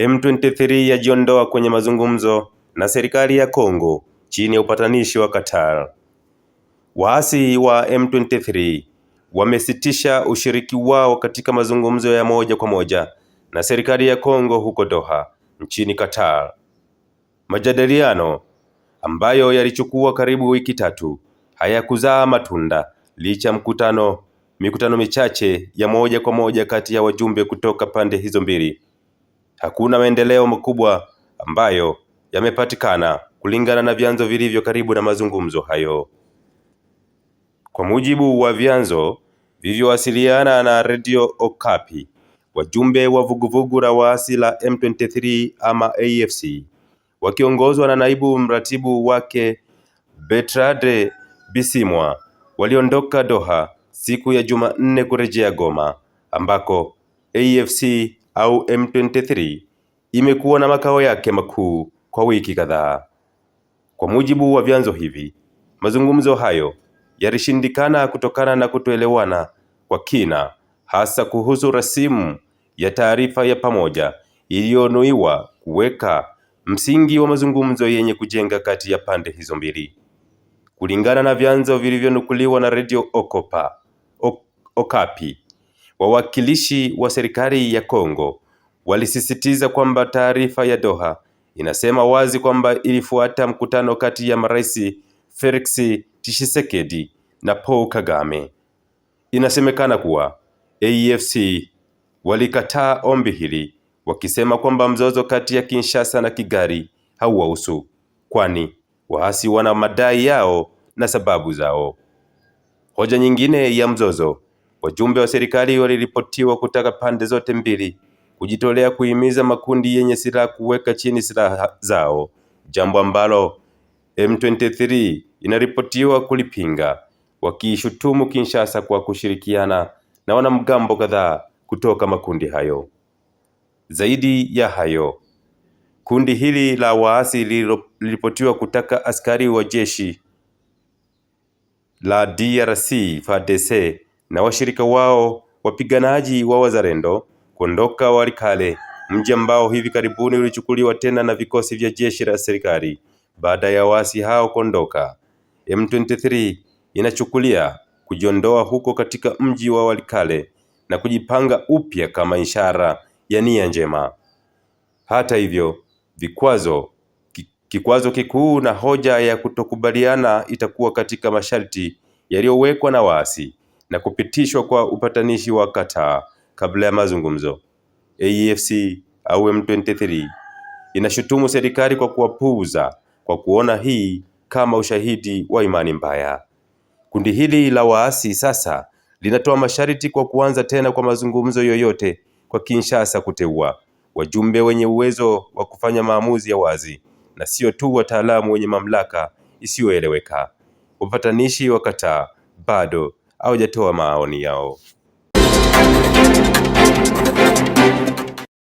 M23 yajiondoa kwenye mazungumzo na serikali ya Kongo chini ya upatanishi wa Qatar. Waasi wa M23 wamesitisha ushiriki wao katika mazungumzo ya moja kwa moja na serikali ya Kongo huko Doha nchini Qatar. Majadiliano ambayo yalichukua karibu wiki tatu hayakuzaa matunda licha mkutano mikutano michache ya moja kwa moja kati ya wajumbe kutoka pande hizo mbili hakuna maendeleo makubwa ambayo yamepatikana kulingana na vyanzo vilivyo karibu na mazungumzo hayo. Kwa mujibu wa vyanzo vilivyowasiliana na redio Okapi, wajumbe wa vuguvugu la waasi la M23 ama AFC wakiongozwa na naibu mratibu wake betrade Bisimwa waliondoka Doha siku ya Jumanne kurejea Goma ambako AFC au M23 imekuwa na makao yake makuu kwa wiki kadhaa. Kwa mujibu wa vyanzo hivi, mazungumzo hayo yalishindikana kutokana na kutoelewana kwa kina, hasa kuhusu rasimu ya taarifa ya pamoja iliyonuiwa kuweka msingi wa mazungumzo yenye kujenga kati ya pande hizo mbili. Kulingana na vyanzo vilivyonukuliwa na redio Okopa, ok, Okapi Wawakilishi wa serikali ya Kongo walisisitiza kwamba taarifa ya Doha inasema wazi kwamba ilifuata mkutano kati ya marais Felix Tshisekedi na Paul Kagame. Inasemekana kuwa AFC walikataa ombi hili wakisema kwamba mzozo kati ya Kinshasa na Kigali hauwahusu kwani waasi wana madai yao na sababu zao. Hoja nyingine ya mzozo Wajumbe wa serikali waliripotiwa kutaka pande zote mbili kujitolea kuhimiza makundi yenye silaha kuweka chini silaha zao, jambo ambalo M23 inaripotiwa kulipinga, wakiishutumu Kinshasa kwa kushirikiana na wanamgambo kadhaa kutoka makundi hayo. Zaidi ya hayo, kundi hili la waasi liliripotiwa kutaka askari wa jeshi la DRC FARDC na washirika wao wapiganaji wa wazalendo kuondoka Walikale, mji ambao hivi karibuni ulichukuliwa tena na vikosi vya jeshi la serikali baada ya waasi hao kuondoka. M23 inachukulia kujiondoa huko katika mji wa Walikale na kujipanga upya kama ishara ya nia njema. Hata hivyo, vikwazo kikwazo kikuu na hoja ya kutokubaliana itakuwa katika masharti yaliyowekwa na waasi na kupitishwa kwa upatanishi wa Qatar kabla ya mazungumzo. AFC e au M23 inashutumu serikali kwa kuwapuuza kwa kuona hii kama ushahidi wa imani mbaya. Kundi hili la waasi sasa linatoa masharti kwa kuanza tena kwa mazungumzo yoyote kwa Kinshasa kuteua wajumbe wenye uwezo wa kufanya maamuzi ya wazi na sio tu wataalamu wenye mamlaka isiyoeleweka. Upatanishi wa Qatar bado hawajatoa maoni yao.